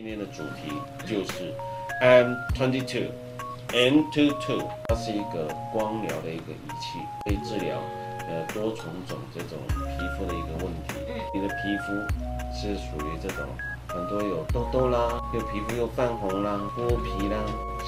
今天的主題就是 M22 M22，它是一個光療的一個儀器，可以治療呃多重種這種皮膚的一個問題。你的皮膚是屬於這種很多有痘痘啦，又皮膚又泛紅啦，剝皮啦，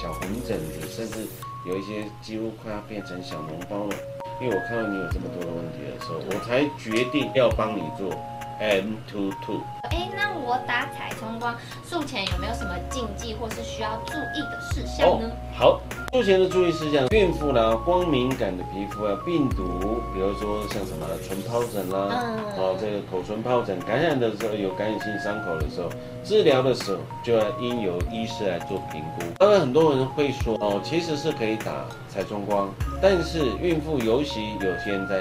小紅疹子，甚至有一些幾乎快要變成小膿包了。因為我看到你有這麼多的問題的時候，我才決定要幫你做。M two two。哎、欸，那我打彩衝光術前有沒有什麼禁忌或是需要注意的事項呢、哦？好，術前的注意事項：孕婦啦、啊，光敏感的皮膚啊，病毒，比如說像什麼唇皰疹啦，哦、嗯啊，這個口唇皰疹感染的時候，有感染性傷口的時候，治療的時候就要應由醫師來做評估。當然，很多人會說哦，其實是可以打彩衝光，但是孕婦尤其有些人在。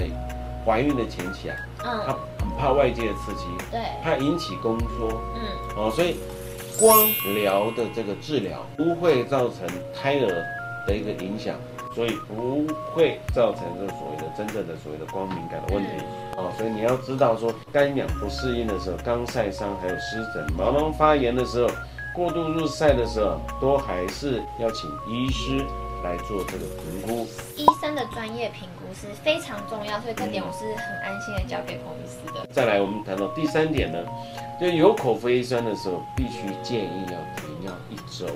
懷孕的前期啊，嗯，他很怕外界的刺激對，怕引起宮縮，嗯，哦，所以光療的這個治療不會造成胎兒的一個影響，所以不會造成這所謂的真正的所謂的光敏感的問題，嗯、哦，所以你要知道說，乾癢不適應的時候，剛曬傷還有濕疹、毛囊發炎的時候，過度日曬的時候，都還是要請醫師。嗯來做這個評估，醫生的專業評估是非常重要，所以這點我是很安心的交給彭醫師的。嗯。再來，我們談到第三點呢，就有口服 A 酸的時候，必須建議要停藥一周，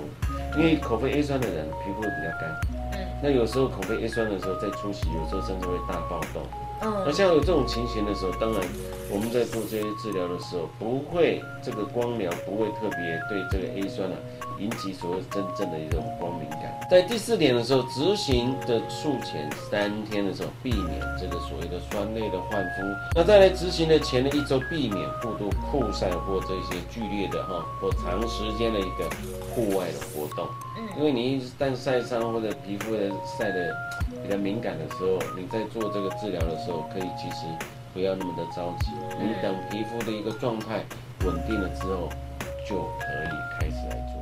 因為口服 A 酸的人皮膚比較乾，嗯，那有時候口服 A 酸的時候在出油，有時候甚至會大爆痘。嗯，那像有這種情形的時候，當然我們在做這些治療的時候，不會這個光療不會特別對這個 A 酸呢、啊、引起所謂真正的一種光敏感。在第四點的時候，執行的術前三天的時候，避免這個所謂的酸類的換膚。那再來執行的前的一周，避免過度酷曬或這些劇烈的哈或長時間的一個戶外的活動。嗯，因為你一旦曬傷或者皮膚的曬的比較敏感的時候，你在做這個治療的時候。時候可以其實，不要那麼的着急，你等皮膚的一個狀態穩定了之後，就可以開始來做。